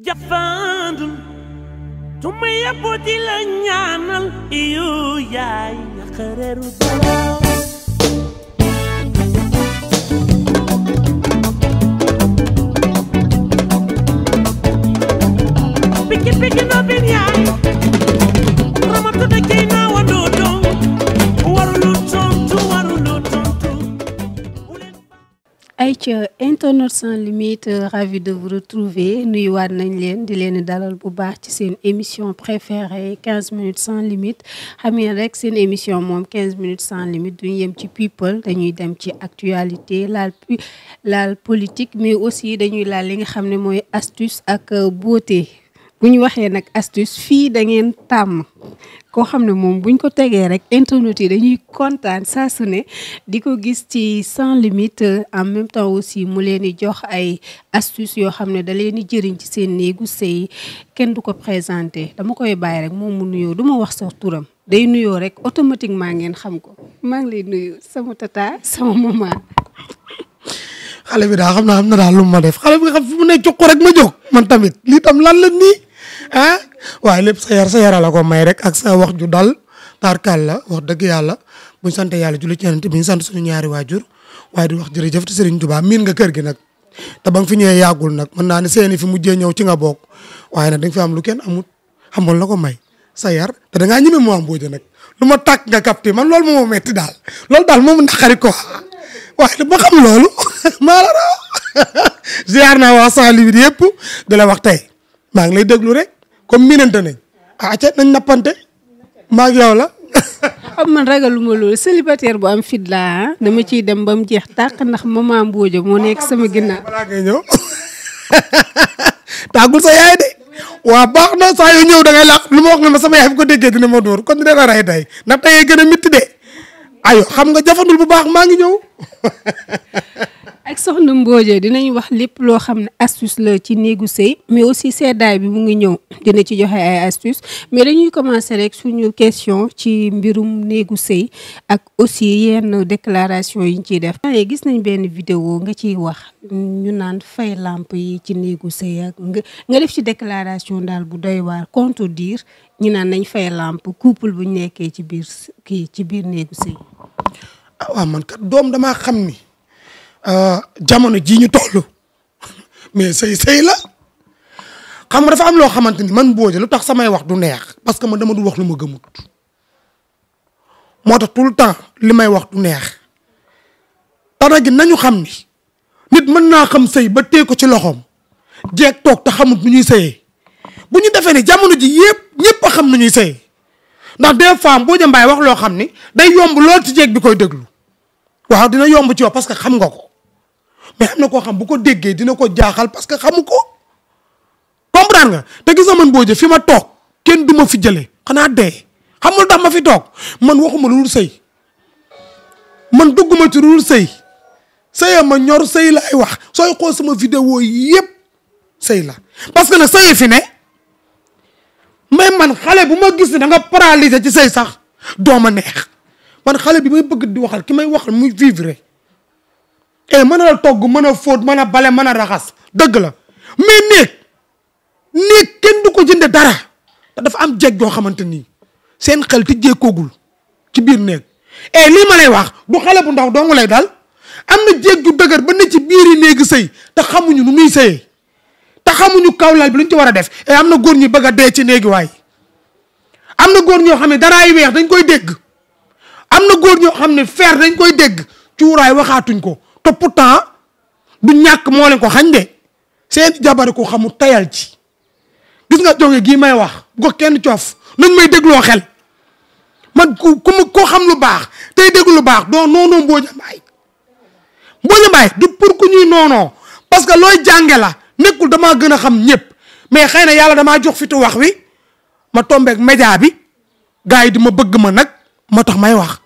jafandu tuma yebbu di la ñaanal iyo yaay yaqareeru balaa piki piki no yaay ramatu da kii ayca internet sans limite euh, ravide de vous retrouver nañ leen di leen dalal bu baax ci seen émission préférée quinze minutes sans limite xam ngeen rek seen émission moom quinze minutes sans limite duñu yem ci people dañuy dem ci actualité laal laal politique mais aussi dañuy laal li nga xam ne mooy astuce ak euh, beauté bu ñu waxee nag astuce fii da ngeen tàmm koo xam ne moom buñ ko tegee rek internet yi dañuy kontaan saa su ne di ko gis ci sans limite en même temps aussi mu leen di jox ay astuce yoo xam ne da leen di jëriñ ci seen néegu sëy kenn du ko présenté dama koy bàyyi rek moom mu nuyoo du ma wax sax turam day nuyoo rek automatiquement ngeen xam ko maa ngi nuyu sama tata sama maman. daal xam na ma def xale bi xam fu mu ne jox rek ma jóg man tamit lii tam lan la nii. ah waaye lépp sa yar sa yara la ko may rek ak sa wax ju dal tarkal la wax dëgg yàlla buñ sant yàlla julli ci yonent bi ñu sant suñu ñaari waajur waaye di wax jërëjëf te Serigne Touba miin nga kër gi nag te ba nga fi ñëwee yàggul nag mën naa ne seeni fi mujjee ñëw ci nga bokk waaye nag da nga fi am lu kenn amut xamoon la ko may sa yar te da ngaa ñeme moo am booje nag lu ma tàkk nga ma man loolu moo metti daal loolu daal moom naqari ko waaye ba xam loolu maa la raw ziar naa waa Saint-Louis yëpp di wax tey maa ngi lay déglu rek comme miinante nañ a ah, ca nañ nappante maa ak yow la. xam man ragaluma loolu célibataire bu am fit laa ah. dama ciy dem ba mu jeex tàq ndax maman Mbooja moo nekk sama ginnaaw. balaa ngay ñëw tàggul sa yaay de waaw baax na saa yu ñëw da ngay laax lu ma wax ne ma sama yaay bu ko déggee dina ma door kon dina la rey tey ndax tey gën a mitti de aywa xam nga jafandul bu baax maa ngi ñëw. ak soxna mbooje dinañ wax lépp loo xam ne astuce la ci néegu sëy mais aussi seddaay bi mu ngi ñëw dina ci joxe ay astuce mais dañuy commencer rek suñu question ci mbirum néegu sëy ak aussi yenn déclaration yi ñu ciy def. gis nañ benn vidéo nga ciy wax ñu naan fay làmp yi ci néegu sëy nga def ci déclaration daal bu doy waar diir ñu naan nañu fay làmp couple bu nekkee ci biir kii ci biir néegu sëy. ah waaw man kat doom damaa xam ni euh, jamono jii ñu toll mais sëy sëy la xam nga dafa am loo xamante ni man Mbodj lu tax samay wax du neex parce que man dama du wax lu ma gëmut moo tax tout le temps li may wax du neex dara ji nañu xam ni nit mën naa xam sëy ba tee ko ci loxoom jeeg toog te xamut nu ñuy sëyee bu ñu defee ni jamono ji yëpp ñëpp xam nu ñuy sëyee ndax des fois Mbodj Mbaye wax loo xam ni day yomb lool ci jeeg bi koy déglu waaw dina yomb ci yow parce que xam nga ko mais am na koo xam bu ko déggee dina ko jaaxal parce que xamu ko comprendre nga te gis nga man boo jë fi ma toog kenn du ma fi jëlee xanaa dee xam nga lu tax ma fi toog man waxuma lu dul man dugguma ci lu dul sëy sëya ma ñor sëy laay wax sooy xool sama vidéo yëpp sëy la parce que nag sëy fi ne mais man xale bu ma gis ne da nga paralysé ci sëy sax dooma neex man xale bi may bëgg di waxal ki may waxal muy vivre et eh, mën a togg mën a fóot mën a bale mën a raxas dëgg la mais néeg néeg kenn du ko jënde dara te dafa am jeeg joo xamante nii seen xel te jéekoogul ci biir néeg et eh, lii ma lay wax du xale bu ndaw dong lay dal am na jéeg ju dëgër ba ne ci yi néegi sëy te xamuñu nu muy sëyee te xamuñu kawlal bi lu ñu ci war a def eh, am na góor ñi bëgg a dee ci néegi waay am na góor ñoo xam ne daraay weex dañ koy dégg am na góor ñoo xam ne fer dañ koy dégg cuuraay waxaatuñ ko te pourtant du ñàkk moo leen ko xañ de seen jabari ko xamu tayal ci gis nga jonge gii may wax ko kenn coof nañ may dégloo xel man ku ku koo xam lu baax tey déglu lu baax doo noonoo Mbodia Mbaye Mbodia Mbaye du pour ku ñuy noonoo parce que looy jànge la nekkul damaa gën a xam ñëpp mais xëy na yàlla damaa jox fitu wax wi ma tombeeg média bi gars yi di ma bëgg ma nag moo tax may wax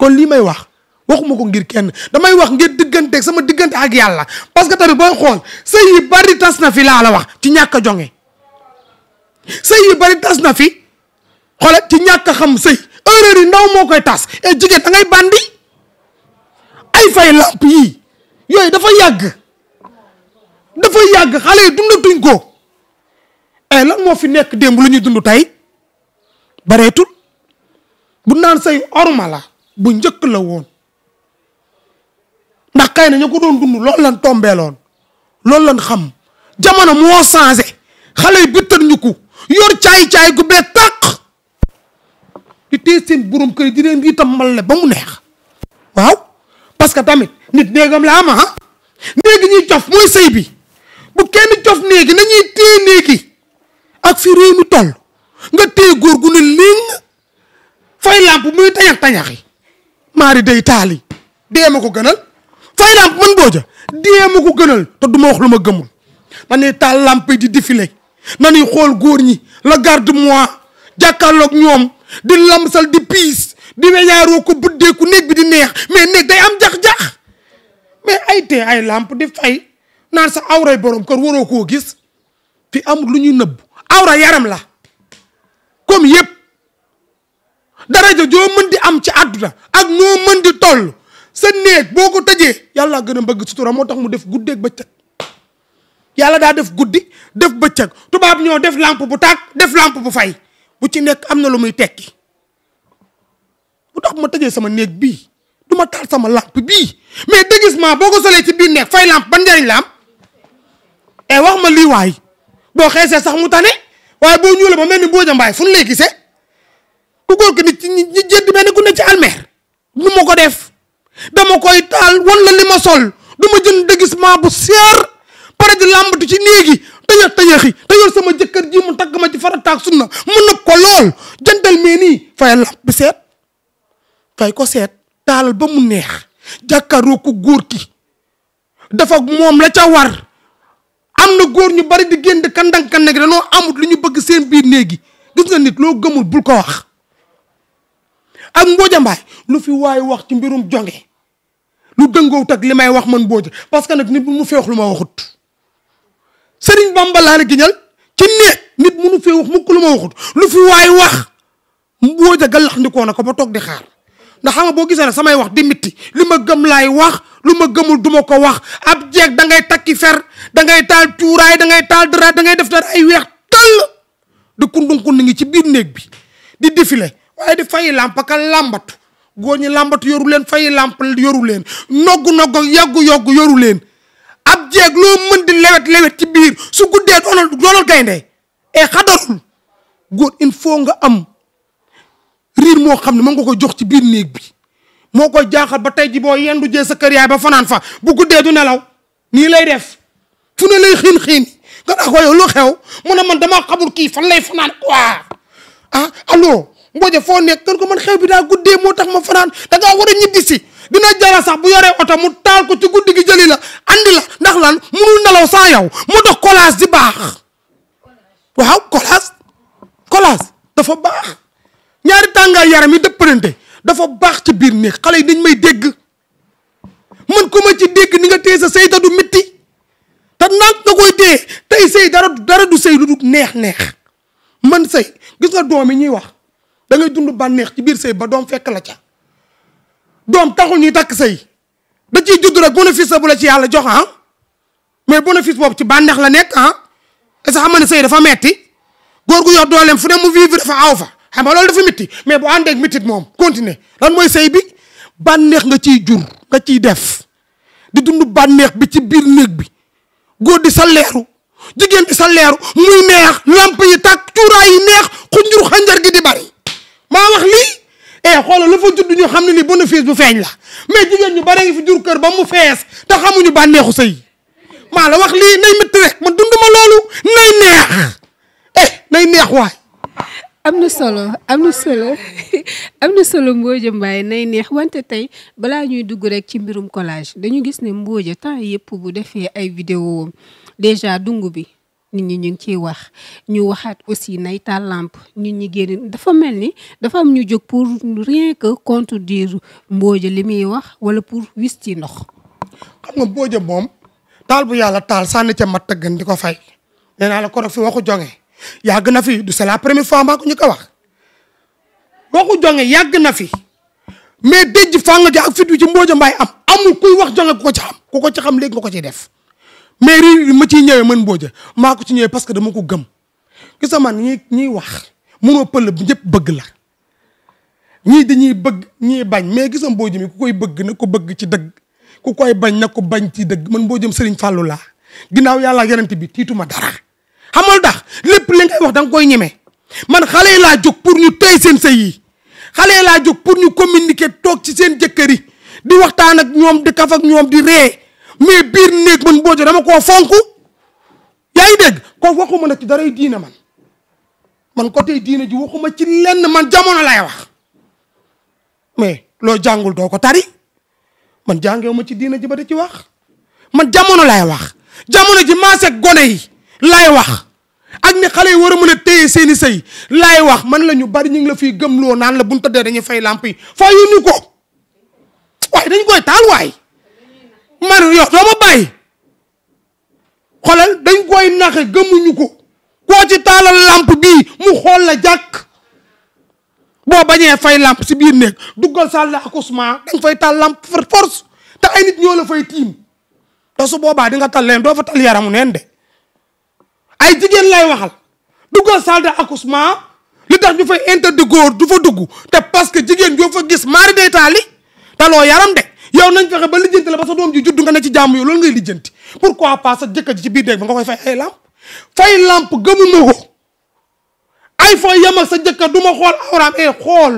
kon lii may wax waxuma ko ngir kenn damay wax ngir diggante sama diggante ak yàlla parce que tamit booy xool sëy yi bari tas na fi laa la wax ci ñàkk a jonge sëy yi bari tas na fi xoole ci ñàkk xam sëy erreur yi ndaw moo koy tas et jigéen da ngay bandi ay fay lamp yii yooyu dafa yàgg dafa yàgg xale yi dundatuñ ko ay lan moo fi nekk démb lu ñuy dund tey bareetul bu naan sëy ormala bu njëkk la woon ndax kay na ñu ko doon dund loolu lan tombeeloon loolu lan xam jamono moo changé xale yi bittan ñu ko yor caay-caay gu bee tàq di téye seen borom kër di leen itam mbal ba mu neex parce que tamit nit néegam la am ah néegi ñuy cof bi bu kenn cof néegi nañuy téye ak fi réew mi nga téye góor gu ne ling fay làmp muy tañax tañaxi maari day taali dee ma ko gënal fay lamp man booja dee ma ko gënal te du ma wax lu ma gëmul ma ne taal lamp yi di défilé ni xool góor ñi la garde moi jàkkaarloog ñoom di lamsal di piis di weñaaroo ko buddeeku néeg bi di neex mais néeg day am jax-jax mais ay tee ay làmp di fay naan sa awray borom kër waroo koo gis fi amul lu ñuy nëbb awra yaram la comme yëpp daraja joo mën di am ci àdduna ak noo mën di toll sa néeg boo ko tëjee yàlla gën a bëgg sutura moo tax mu def guddeek bëccëg yàlla daa def guddi def bëccëg tubaab ñoo def lampe bu tàkk def lampe bu fay bu ci nekk am na lu muy tekki bu tax ma tëjee sama néeg bii du ma taal sama lampe bii mais déguisement boo ko solee ci biir néeg fay lampe ban njëriñ la am eh, wax ma lii waay boo xeesee sax mu tane waaye boo ñuulee ba mel ni Mbodia Mbaye fu nu lay gisee dugal ko nit ci ñi ñi jënd mel ni ku ne ci almer nu ma ko def dama koy taal wan la li ma sol du ma jënd déguisement bu seer pare di làmbatu ci néegi tëjëx tëjëxi te sama jëkkër ji mu tagg ma ci farataak sunna mu nëb ko lool jëndal mee nii fay làmp seet fay ko seet taalal ba mu neex jàkkaaroo ko góor ki dafa moom la ca war am na góor ñu bari di génn kandang kandang danoo amut lu ñu bëgg seen biir néegi gis nga nit loo gëmul bul ko wax ak Mbodja Mbaye lu fi waaye wax ci mbirum jonge lu dëngoowut ak li may wax man Mbodja parce que nag nit mu fee wax lu ma waxut Serigne Bamba laa la giñal ci néeg munu fee wax lu ma waxut lu fi waay wax Mbodja gàllax ndikoo na ko ba toog di xaar ndax xam boo gisee ne samay wax di mitti li ma gëm laay wax lu ma gëmul duma ko wax ab jeeg da ngay takki fer da ngay taal cuuraay da ngay taal dara da ngay def dara ay weex tàll di kundun kund ngi ci biir néeg bi di défilé waaye di fayi làmp ka làmbatu góor ñi làmbatu yoru leen fayi làmp yoru leen noggu noggu yàggu yoggu yoru leen ab jeeg loo mën di lewet lewet ci biir su guddee doonal doonal gaynde e eh, xadatul góor il faut nga am riir moo xam ne mën nga ko jox ci biir néeg bi moo koy jaaxal ba tey ji boo yendu jee sa kër ba fanaan fa bu guddee du nelaw nii lay def fu ne lay xiin xiin nga daa ah, ko lu xew mu ne man damaa xamul kii fan lay fanaan ah, allo Mbodj foo nekk kan ko man xew bi daa guddee moo tax ma fanaan da ngaa war a ñibbi si dina jara sax bu yoree oto mu taal ko ci guddi gi jëli la indi la ndax lan munul nelaw saa yow moo tax kolaas di baax waaw collage collage dafa baax ñaari tàngaay yaram yi dëppalante dafa baax ci biir néeg xale yi dañ may dégg man ku ma ci dégg ni nga téye sa sëy ta du métti te naat nga koy téye tey sëy dara dara du sëy lu du neex neex man sëy gis nga doom yi ñuy wax da ngay dund bànneex ci biir sëy ba doom fekk la ca doom taxul ñuy takk sëy da ciy judd rek bénéfice la bu la ci yàlla jox ah mais bénéfice boobu ci bànneex la nekk ah est-ce que xam nga ne sëy dafa metti góor gu yor dooleem fu ne mu vivre fa aw fa xam nga loolu dafa métti mais bu àndeek métti moom continuer lan mooy sëy bi bànneex nga ciy jur nga ciy def di dund bànneex bi ci biir néeg bi góor di salleeru jigéen di salleeru muy neex lamp yi tàkk cuuraay yi neex xunjur xanjar gi di bari maa wax lii eh xoolal la fa judd ñu xam ne ni bénéfice bu feeñ la mais jigéen ñu bare ngi fi jur kër ba mu fees te xamuñu bànneexu sëy maa la wax lii nay métti rek ma dund ma loolu nay neex eh, nay neex waay. am na solo am na solo am na solo Mbodia Mbaye nay neex wante tey balaa ñuy dugg rek ci mbirum collage dañu gis ne Mbodia temps yëpp bu defee ay vidéo déjà dungu bi. nit ñi ñu ngi ciy wax ñu waxaat aussi Naytal Lamp ñu ñi génn dafa mel ni dafa am ñu jóg pour rien que contredire Mbodj li muy wax wala pour wis ci ndox. xam nga Mbodj moom taal bu yàlla taal sànni ca mat gën di ko fay nee naa la ko fi waxu jonge yàgg na fi du c'est la première fois ñu ko wax waxu jonge yàgg na fi mais déj fàng ji ak fit wi ci Mbodj Mbaye am amul kuy wax jonge ku ko ci am ku ko ci xam léegi nga ko ciy def. mais riir ma ciy ñëwee man Mbodja maa ko ci ñëwee parce que dama ko gëm gis nga man ñi ñiy wax munoo pël bi ñëpp bëgg la ñii dañuy bëgg ñii bañ mais gisam nga Mbodja mi ku koy bëgg na ko bëgg ci dëgg ku koy bañ na ko bañ ci dëgg man Mbodja Serigne Fallou la ginnaaw yàlla yonent bi tiituma dara xamal dax lépp li ngay wax da nga koy ñeme man xale yi laa jóg pour ñu tey seen sëy yi xale laa jóg pour ñu communiquer toog ci seen jëkkër yi di waxtaan ak ñoom di kaf ak ñoom di ree mais biir néeg man boo dama koo fonk yaa ngi dégg kon waxuma nag ci daray diine man man côté diine ji waxuma ci lenn man jamono lay wax mais loo jàngul doo ko tari man jàngewu ma ci diine ji ba di ci wax man jamono lay wax jamono ji maaseeg gone yi lay wax ak ni xale yi war a mën a téye seeni sëy laay wax man lañu bari ñu ngi la fiy gëmloo naan la bu ñu tëddee dañuy fay làmp yi faa yónni ko waaye dañ koy taal waay man yox doo ma bàyyi dañ koy naxe gëmuñu ko koo ci taalal làmp bii mu xool la jàkk boo bañee fay làmp si biir néeg duggal salle d'accouchement dañ fay taal làmp force te ay nit ñoo la fay tiim te su boobaa di nga tal leen doo fa tal yaramu neen de ay jigéen lay waxal duggal salle d'accouchement li tax ñu fay interdit góor du fa dugg te parce que jigéen joo fa gis maari day taali taloo yaram de yow nañ fexe ba lijjanti la ba sa doom ji judd nga ne ci jàmm yow loolu ngay lijjanti pourquoi pas sa jëkkër ji ci biir dégg ba nga koy fay ay làmp fay làmp gëmuma ko ay foo yem ak sa jëkkër du ma xool awraam e xool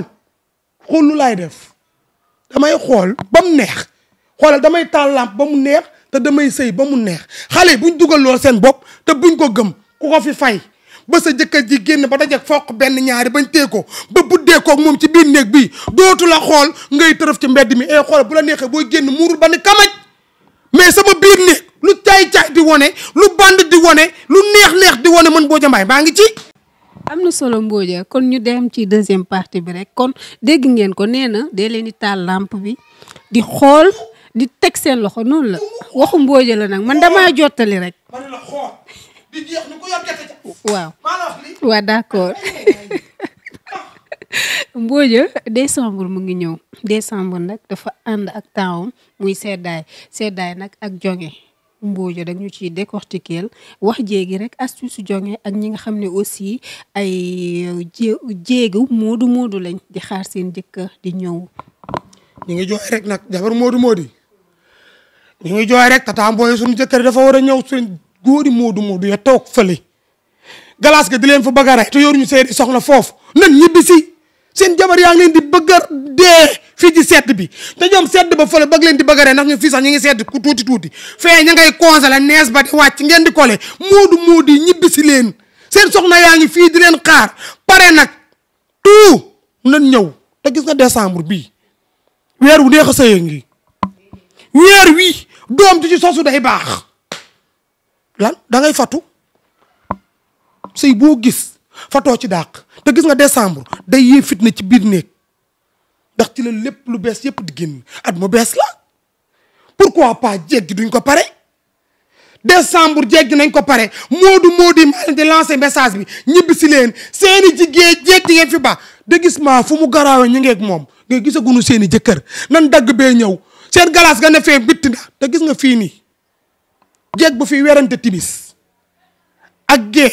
xool lu laay def damay xool ba mu neex xoolal damay taal làmp ba mu neex te damay sëy ba mu neex xale buñ dugal lool seen bopp te buñ ko gëm ku ko fi fay ba sa jëkkër ji génn ba dajak foq benn ñaari bañ tee ko ba buddee koog moom ci biir néeg bi dootu la xool ngay tërëf ci mbedd mi ay eh, xool bu la neexee booy génn muurul ba ne kamaj mais sama biir néeg lu caay-caay di wone lu band di wone lu neex-neex di wane man Mbodia Mbaye maa ngi ci am na solo Mbodia kon ñu dem ci deuxième partie bi rek kon dégg ngeen ko nee na dee leen di taal làmp bi di xool di teg seen loxo noonu la waxu Mbodia la nag man damaa jottali rek di jeex ni ku yor gerte waaw maa d'accord Mbodja décembre mu ngi ñëw décembre nag dafa ànd ak taawam muy seddaay seddaay nag ak jonge Mbodja rek ñu ciy décortiquer wax jéegi rek astuce jonge ak ñi nga xam ne aussi ay euh, jéegu moodu moodu lañ di xaar seen jëkkër di ñëw. ñu ngi jooy rek nag jabar moodu moodi ñu ngi jooy rek tata Mboye suñu jëkkër dafa war a ñëw suñ góori moodu moodu ya toog fële galaas ga di leen fa bëgg a rey te yoruñu seeni soxla foofu nan ñibbi si seen jabar yaa ngi leen di bëgg a dee fii ci sedd bi te ñoom sedd ba fële bëgg leen di bëgg a rey ñu fii sax ñu ngi sedd ku tuuti tuuti fee ña ngay congelé nees ba di wàcc ngeen di kole moodu moodu yi ñibbi si leen seen soxna yaa ngi fii di leen xaar pare nag tout nan ñëw te gis nga décembre bi weer wu neex a sëye ngi weer wi doom ci ci sosu day baax lan da ngay fatu sëy boo gis fatoo ci dàq te gis nga décembre day yee na ci biir néeg ndax ci la lépp lu bees yépp di génn at mu bees la pourquoi pas jéggi duñ ko pare décembre jéggi nañ ko pare moodu moodu maa leen di lancer message bi ñibbi si leen seeni jigéen jéggi ngeen fi ba de gis maa fu mu garaawe ñu ngeeg moom ngay gisagunu seeni jëkkër nan dagg bee ñëw seen galaas nga ne fee bitti na te gis nga fii nii jéeg bu fi werante timis ak gée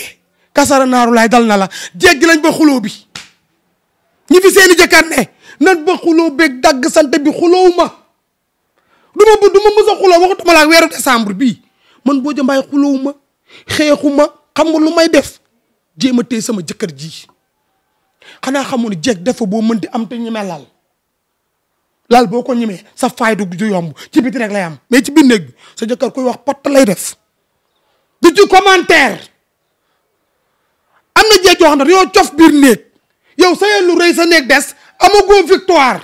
kasara naaru laay dal na la jéeg lañ ba xuloo bi ñi fi seeni jëkkaat ne nan ba xuloo beeg dagg sant bi xuloow ma du ma bu du ma mës a xuloo laa weeru décembre bii man boo jëmbaay xuloow ma xeexu xam nga lu may def jéem a téye sama jëkkër ji xanaa xamoon ne jéeg dafa boo mën di am te ñu melal laal boo ko ñemee sa faay du du yomb ci biti rek lay am mais ci biir néeg bi sa jëkkër koy wax patt lay def du ci commentaire am na jéeg yoo xam ne dañoo cof biir néeg yow sa yellu rëy sa néeg des amagoo victoire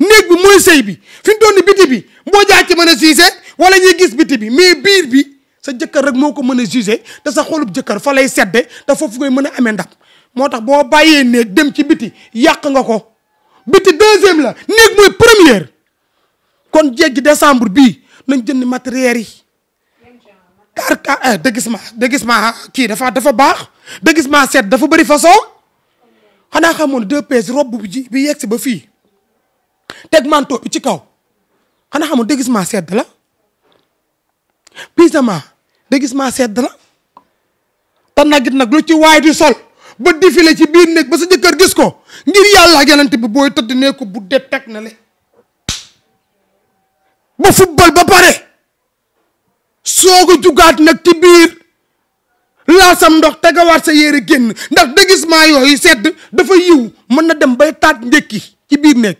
néeg bi mooy sëy bi fi mu doon ni biti bi mboo jaa ci mën a jugé wala ñuy gis biti bi mais biir bi sa jëkkër rek moo ko mën a jugé te sa xolub jëkkër fa lay sedde te foofu koy mën a amee ndam moo tax boo bàyyee néeg dem ci biti yàq nga ko biti deuxième la néeg mooy première kon jéggi décembre bii nañ jënd matériel yi car car ah, eh, déguisement kii dafa dafa baax déguisement set dafa bëri façon xanaa xamoon deux pièces robe bu ji bi yegsi ba fii teg manteau bi ci kaw xanaa xamoon déguisement sedd la pyjama déguisement sedd la te nagit nag lu ci waay di sol ba défilé ci biir néeg ba sa jëkkër gis ko ngir yàlla ak yonent bi booy tëdd nee ko bu dee teg na le ba football ba pare soo ko jugaat nag ci biir laasam ndox tegawaat sa yére génn ndax déguisement yooyu sedd dafa yiw mën na dem bay taaj ndékki ci biir néeg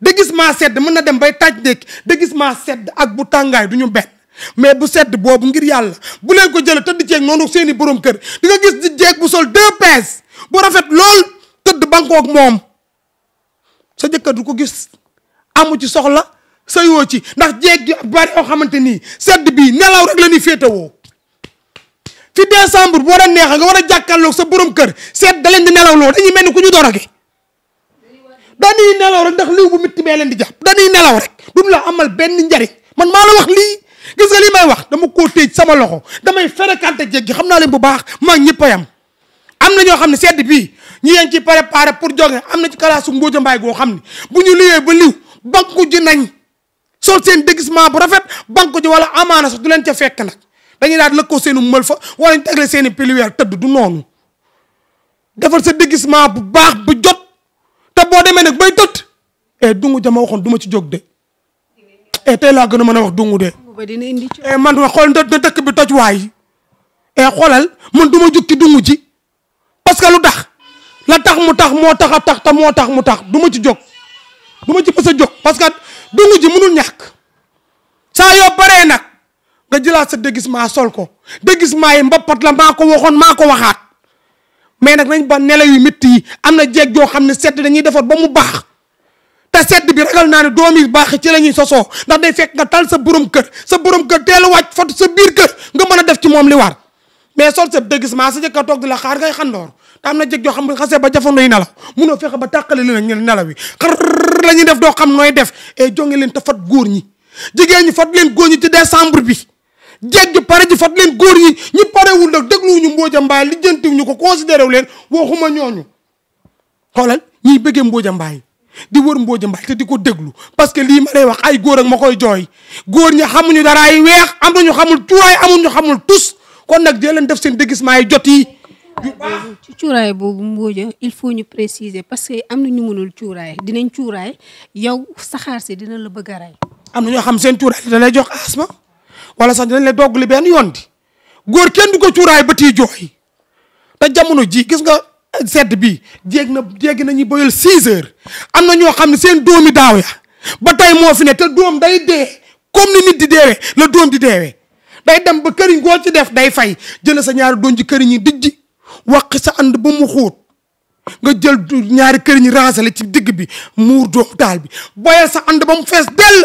déguisement sedd mën na dem bay taaj ndékki déguisement sedd ak bu tàngaay du ñu benn mais bu sedd boobu ngir yàlla bu leen ko jëlee tëdd ceeg noonu seeni i borom kër di nga gis di jeeg bu sol deux pièces bu rafet lool tëdd bankoog moom sa jëkkër du ko gis amu ci soxla sayoo ci ndax jeeg gi bari yoo xamante nii sedd bii nelaw rek la ñuy féetewoo fi décembre boo la neexee nga war a jàkkaarloog sa borom kër sedd da leen di nelaw lool dañuy mel ni ku ñu dorogee dañuy nelaw rek ndax liw bu mitti bee leen di jax dañuy nelaw rek duñ la amal benn njariñ gis nga lii may wax dama koo téej sama loxo damay fréquenté jéeg gi xam naa leen bu baax maa ñëpp yam am na ñoo xam ne sedd bii ñu yeen ci préparé pour joge am na ci kalaasu mbooja mbaay goo xam ne bu ñu liggéey ba liw banku ji nañ sol seen déguisement bu rafet banku ji wala amaana sax du leen ca fekk nag dañuy daal lëkkoo seenu mël fa wala ñu tegle seen piliweer tëdd du noonu defal sa déguisement bu baax bu jot te boo demee nag bay tëdd e dungu jama waxoon du ma ci jóg de e tey gën a mën a wax dungu ba dina indi ci. Eh, man xool na dëkk bi toj waay eh, xoolal man du ma jug ci dungu ji parce que lu tax la tax mu tax moo tax a tax te moo tax mu tax du ma ci jóg du ci mës a jóg parce que dungu ji mënul ñàkk saa yoo baree nag nga jëlaat sa déguisement sol ko déguisement yi mbappat la maa ko waxoon maa ko waxaat mais nag nañ ba nelaw yu métti yi am na jeeg joo xam ne sedd dañuy defar ba mu baax. te sedd bi ragal naa ne doom yi baax ci la ñuy sosoo ndax day fekk nga tal sa borom kër sa borom kër teel a wàcc fot sa biir kër nga mën a def ci moom li war mais sol sëb déguisement sa jëkka toog di la xaar ngay xandoor te am na jëg joo xam ne xasee ba jafandoy nelaw fexe ba tàqale li nag nelaw wi xar la ñuy def doo xam nooy def e jonge leen te fat góor ñi jigéen ñi fat leen góor ñi ci décembre bi jeeg ju pare ji fat leen góor ñi ñu parewul nag dégluwuñu mbooja mbaay lijjantiwuñu ko considéré wu leen waxuma ñooñu xoolal ñiy bëggee mbooja mbaay di wër mbooja mbal te di ko déglu parce que lii ma lay wax ay góor ak ma koy jooy góor ñi xamuñu dara ay weex am na ñu xamul cuuraay amuñu xamul tus kon nag dee leen def seen déguisement yi jot yi. ci cuuraay boobu mbooja il faut ñu préciser parce que am na ñu mënul cuuraay dinañ cuuraay yow saxaar si dina la bëgg a rey. am na ñoo xam seen cuuraay da lay jox asma wala sax dinañ la doggali benn yoon di góor kenn du ko cuuraay ba tiy jooy te jamono ji gis nga. sedd bi jéeg na jéeg nañu boyal 6 heures am na ñoo xam ne seen doomi daaw ya ba tey moo fi ne te doom day dee comme ni nit di deewee la doom di deewee day dem ba këriñ goo ci def day fay jël sa ñaari doom ci këriñ yi dijji waq sa and ba mu xóot nga jël ñaari këriñ ransale ci digg bi muur doomu taal bi boyal sa ànd ba mu fees dell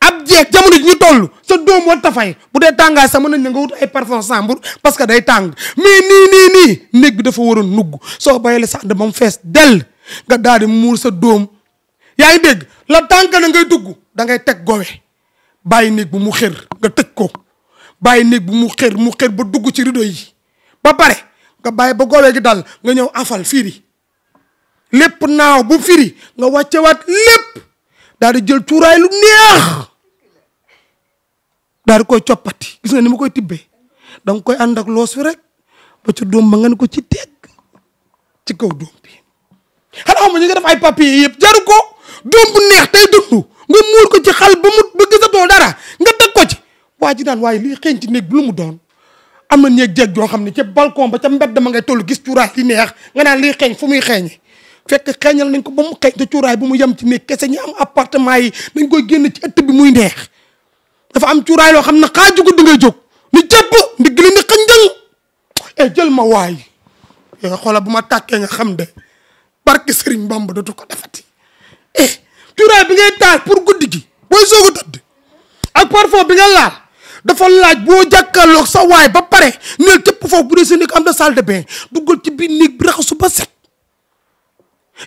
ab jeeg jamono ji ñu toll sa doom war tafay bu dee tàngaay sama mën nañ la nga wut ay parfum chambre parce que day tàng mais nii nii nii néeg bi dafa war a nugg soo bayale sax da ba fees dell nga daal di muur sa doom yaa ngi dégg la tànk na ngay dugg da ngay teg gowe bàyyi néeg bu mu xër nga tëj ko bàyyi néeg bu mu xër mu xër ba dugg ci rido yi ba pare nga bàyyi ba gowe gi dal nga ñëw afal firi lépp naaw bu firi nga wàccewaat lépp daal di jël cuuraay lu neex daal koy coppati gis nga ni ma koy tibbee da koy ànd ak loos fi rek ba ci doom ba nga ne ko ci teg ci kaw doom bi. xanaa xam nga ñu ngi def ay papier yëpp jaru ko doom bu neex tey dund nga muur ko ci xal ba mu ba gisatoo dara nga teg ko ci. waa ji daan waaye liy xeeñ ci néeg bi mu doon am na néeg jeeg joo xam ne ca balcon ba ca mbedd ma ngay toll gis cuuraay li neex nga naan liy xeeñ fu muy xeeñee. fekk xeeñal nañ ko ba mu xeeñ te cuuraay bu muy yem ci néeg kese ñi am appartement yi dañ koy génn ci ëtt bi muy neex. dafa am cuuraay loo xam ne xaaju guddi ngay jóg ni jàpp ndigg li ni xañ njëng e eh, jël ma waay yooyu eh, xoola bu ma tàkkee nga xam de barke Sëriñ Bamba dootu ko defati e cuuraay bi ngay taal pour guddi gi booy soog a tëdd ak parfum bi nga laal dafa laaj boo jàkkaarloog sa waay ba pare neel cëpp foofu bu dee seen nekk am na salle de bain ci biir néeg bi raxasu ba set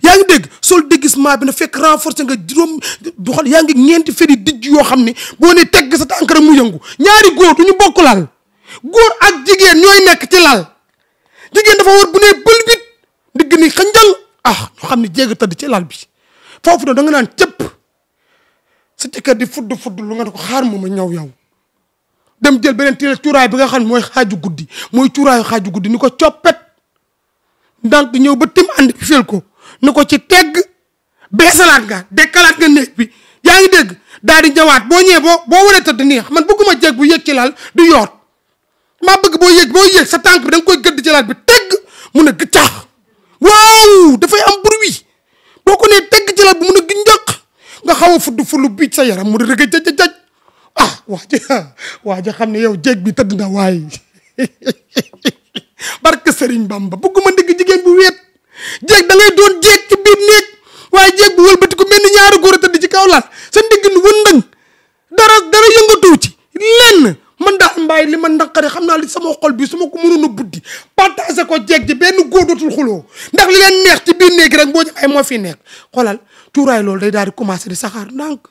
yaa ngi dégg sol déguisement bi na fekk renforcé nga juróom doxal yaa ngi ñeenti feri dijj yoo xam ne boo ne tegg sa tànkara mu yëngu ñaari góor du ñu bokk lal góor ak jigéen ñooy nekk ci lal jigéen dafa war bu nee bëlbit digg ni xanjal ah ñoo xam ne jéega tëdd ci lal bi foofu da nga naan cëpp sa jëkkër di fudd fudd lu nga ne ko xaar ma ma ñaw yow dem jël beneen tiila cuuraay bi nga xam ne mooy xaaju guddi mooy cuuraayu xaaju guddi ni ko coppet ndànk ñëw ba tim ànd bi ko nu ko ci tegg salaat nga dekkalaat nga néeg bi yaa ngi dégg daal di ñëwaat boo ñëwee boo boo waree tëdd neex man bëgguma jéeg bu yëg ci laal di yoot maa bëgg boo yëg boo yëg sa tànk bi da koy gëdd ci laal bi tegg mun a gëccax waaw dafay am bruit boo ko nee tegg ci laal bi mun a nga xaw a fudd fullu biic sa yaram mu a rëgg jaj jaj ah waa ji waa ji xam ne yow jéeg bi tëdd na waaye barke Serigne Bamba bëgguma ndigg jigéen bu weet jéeg da doon jéeg ci biir néeg waaye jéeg bu wëlbati ku mel ni ñaari góor a tëdd ci kaw laal sa ndigg nu wëndëng dara dara yëngatuw ci lenn man daal mbaay li ma naqari xam naa li sama xol bi su ma ko mënoon a buddi partagé ko jeeg ji benn góor dootul xuloo ndax li leen neex ti biir néeg rek boo ci ay moo fi nekk xoolal cuuraay loolu day daal di commencé di saxaar ndànk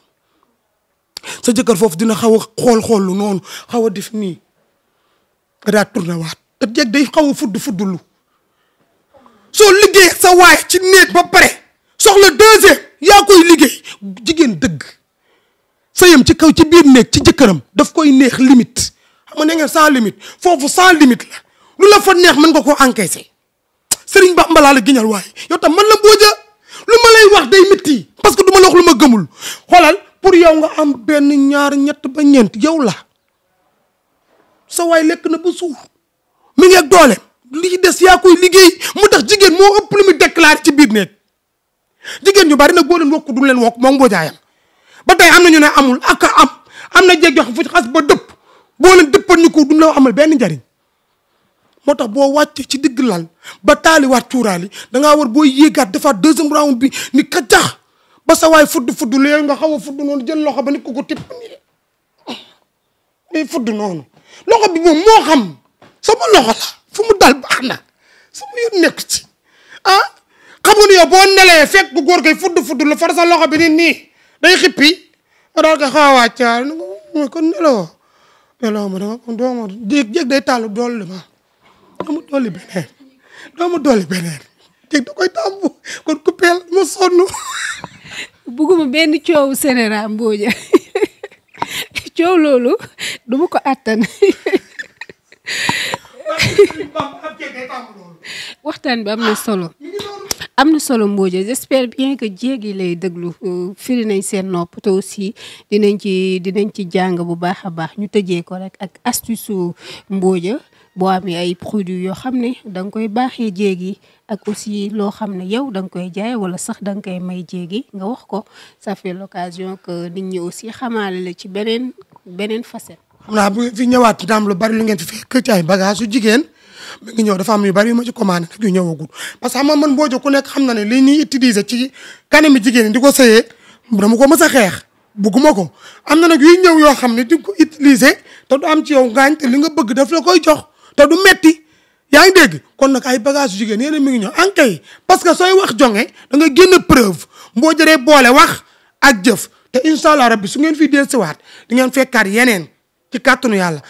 sa jëkkër foofu dina xaw a xool-xool lu noonu xaw a def nii nga daal tourné waat jeeg day xaw a fudd fuddulu soo liggéey sa waay ci néeg ba pare soxla deux heures yaa koy liggéey jigéen dëgg sëyam ci kaw ci biir néeg ci jëkkëram daf koy neex limite xam nga ne ngeen sans foofu sa limite la lu la fa neex man nga koo encaisser Sëriñ Bamba laa la giñal waaye yow tam man la booja lu ma lay wax day métti parce que du ma la wax lu ma gëmul xoolal pour yow nga am benn ñaar ñett ba ñeent yow la sa waay lekk na ba suuf mi ngi dooleem lii des yaa koy liggéey moo tax jigéen moo ëpp lu muy déclaré ci biir néeg jigéen ñu bari nag boo leen du leen wokk moom mboojaayam ba tey am na ñu ne amul ak am am na jeeg yoo ba dëpp boo leen dëppan ñu amal benn njariñ moo tax boo wàccee ci digg lal ba taaliwaat cuuraali dangaa war boo yéegaat defaat deuxième round bi ni kacax ba sa waay fudd fudd léegi nga xaw a fudd noonu jël loxo ba nit ko ko fudd noonu loxo moo xam sama fu mu dal baax na sama yoon nekk ci ah xam nga ni yow fekk bu góor koy fudd fudd la far sa loxo bi nit nii day xippi ma daal koy xaw a wàcc mooy kon nelawoo nelawoo ma dama dooma jéeg jéeg day tàllu dolli ma dama dolli beneen dama dolli beneen jéeg da koy coow Sénéra Mbodja coow loolu duma ko attan waxtaan bi am na ah, solo am na solo Mbodja j'espère bien que jéegi lay déglu euh, firi nañ seen nopp te aussi dinañ ci dinañ ci jàng bu baax a baax ñu tëjee ko rek ak astuce su Mbodja boo amee ay produits yoo xam ne da nga koy baaxee jéeg jéegi ak aussi loo xam ne yow da nga koy jaay wala sax da nga koy may jéegi nga wax ko ça fait l'occasion que nit ñi aussi xamaale la ci beneen beneen facette. xam naa bu fi ñëwaat daam lu bari lu ngeen fi fekk ci ay bagages su jigéen. mi ngi ñëw dafa am yu bari yu ma ci commandé nag yu ñëwagul parce que xam nga man Mbodia ku nekk xam na ne li ñuy utiliser ci kanami jigéen ñi di ko sëyee dama ko mës a xeex bugguma ko am na nag yuy ñëw yoo xam ne di ko utiliser te du am ci yow ngaañ te li nga bëgg daf la koy jox te du metti yaa ngi dégg kon nag ay bagage jigéen yéena mi ngi ñëw ankay parce que sooy wax jonge da nga génn preuve boo jëree boole wax ak jëf te incha allah rabbi su ngeen fii del siwaat di ngeen fekkaat yeneen ci kàttanu yàlla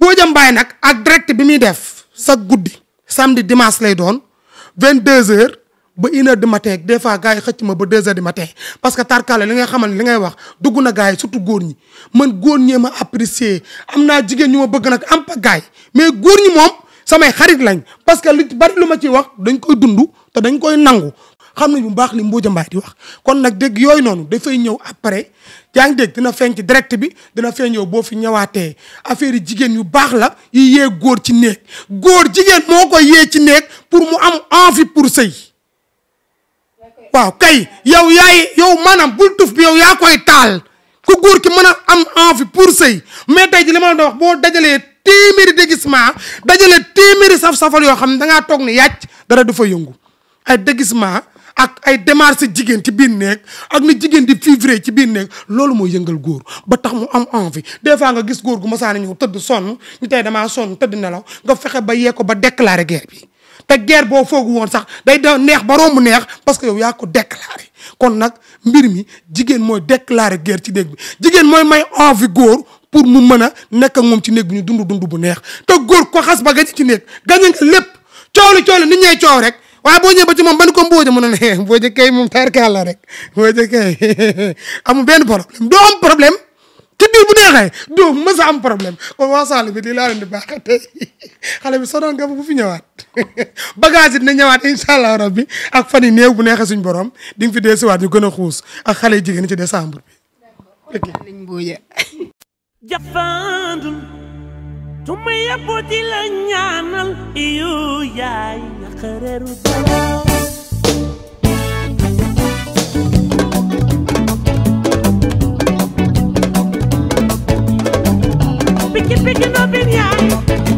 Mbodia Mbaye nag ak direct bi muy def chaque guddi samedi dimanche lay doon vingt 22h ba une heure du matin des fois gars yi xëcc ma ba 2h parce que tarkale li ngay xamal li ngay wax dugg na gars yi surtout góor ñi man góor ñee ma apprécier am naa jigéen ñu ma bëgg nag am pa gaay mais góor ñi moom samay xarit lañ parce que lu bari lu ma ciy wax dañ koy dundu te dañ koy nangu xam nañ bu baax li Mbodja Mbaye di wax kon nag dégg yooyu noonu dafay ñëw après jaangi ngi dégg dina feeñ ci direct bi dina feeñ yow boo fi ñëwaatee affaire yi jigéen yu baax la yu yee góor ci néeg góor jigéen moo ko yee ci néeg pour mu am envie pour sëy waaw kay yow yaay yow maanaam bul tuf bi yow yaa koy taal ku góor ki mën a am envie pour sëy mais tey ji li ma wax boo dajalee téeméeri déguisement dajale téeméeri saf-safal yoo xam ne dangaa toog ne yàcc dara du fa yëngu ay déguisement ak ay démarches jigéen ci biir néeg ak ni jigéen di vivre ci biir néeg loolu mooy yëngal góor ba tax mu am envi des fois nga gis góor gu masaana ñëw tëdd sonn ñu tey damaa sonn tëdd nelaw nga fexe ba yee ko ba déclarer geer bi te guerre boo foogu woon sax day da neex ba romb neex parce que yow yaa ko déclaré kon nag mbir mi jigéen mooy déclarer geer ci néeg bi jigéen mooy may envie góor pour mu mën a nekk ak moom ci néeg bi ñu dund dund bu neex te góor ko xas ba gañ ci néeg gañ nga lépp coow li coow li nit ñee coow rek waaye boo ñëwee ba ci moom ban ko mbooja mu ne la mbooja kay moom tarkaal la rek mbooja kay amul benn problème doo am problème ci biir bu neexee doo mës a am problème kon waa Sall bi di laa di baax tey xale bi sonoon nga bu fi ñëwaat bagage it na ñëwaat incha allah rabbi ak fan yi néew bu neexee suñ borom di fi dee siwaat ñu gën a xuus ak xale yu jigéen ci décembre bi. ok. su ma yebbu di la ñaanal yu yaay naqareeru bala Piki piki no yaay